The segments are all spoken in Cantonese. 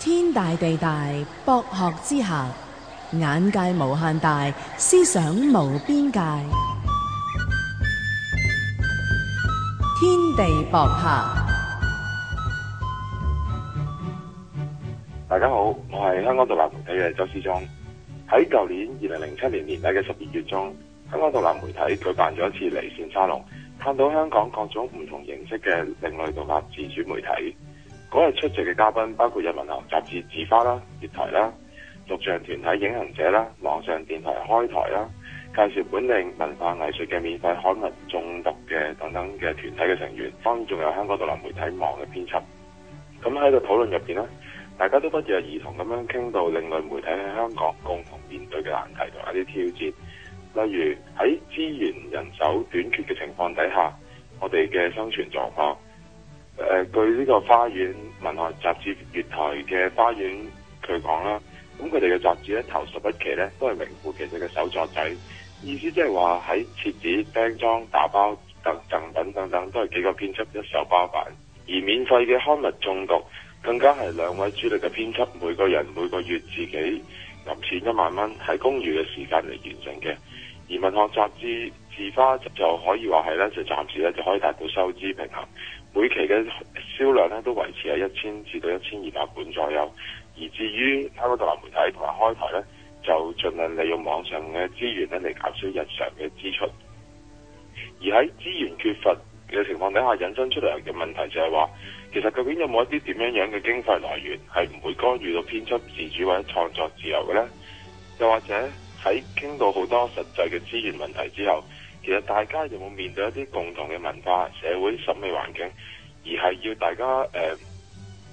天大地大，博學之下眼界無限大，思想無邊界。天地博客，大家好，我係香港獨立媒體嘅周思中。喺舊年二零零七年年底嘅十二月中，香港獨立媒體舉辦咗一次離線沙龍，探討香港各種唔同形式嘅另類獨立自主媒體。嗰日出席嘅嘉賓包括《日文流》雜誌《字花》啦、月台啦、錄像團體《影行者》啦、網上電台《開台》啦，介紹本地文化藝術嘅免費刊物、中毒嘅等等嘅團體嘅成員，當然仲有香港獨立媒體網嘅編輯。咁喺度討論入邊咧，大家都不約而同咁樣傾到另類媒體喺香港共同面對嘅難題同一啲挑戰，例如喺資源人手短缺嘅情況底下，我哋嘅生存狀況。誒、呃，對呢個花園。文學雜誌《月台》嘅花園佢講啦，咁佢哋嘅雜誌咧頭十一期咧都係名副其實嘅手作仔，意思即係話喺設置、釘裝、打包、等贈品等等，都係幾個編輯一手包辦。而免費嘅刊物中毒，更加係兩位主力嘅編輯，每個人每個月自己入錢一萬蚊喺公餘嘅時間嚟完成嘅。而文學雜誌字花就可以話係咧，就暫時咧就可以達到收支平衡。每期嘅銷量咧都維持喺一千至到一千二百本左右。而至於香港獨立媒體同埋開台咧，就盡量利用網上嘅資源咧嚟減少日常嘅支出。而喺資源缺乏嘅情況底下，引申出嚟嘅問題就係話，其實究竟有冇一啲點樣樣嘅經費來源係唔會干預到編輯自主或者創作自由嘅呢？又或者？喺傾到好多實際嘅資源問題之後，其實大家有冇面對一啲共同嘅文化、社會審美環境，而係要大家誒、呃、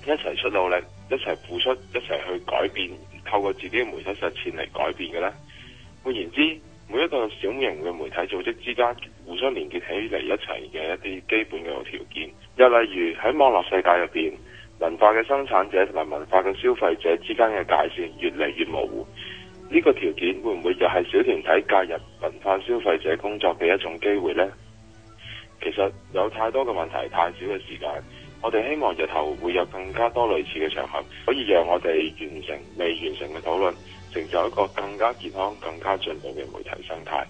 一齊出努力、一齊付出、一齊去改變，透過自己嘅媒體實踐嚟改變嘅呢？換言之，每一個小型嘅媒體組織之間互相連結起嚟一齊嘅一啲基本嘅條件，又例如喺網絡世界入邊，文化嘅生產者同埋文化嘅消費者之間嘅界線越嚟越模糊。呢個條件會唔會又係小團體介入文化消費者工作嘅一種機會咧？其實有太多嘅問題，太少嘅時間。我哋希望日後會有更加多類似嘅場合，可以讓我哋完成未完成嘅討論，成就一個更加健康、更加進步嘅媒體生態。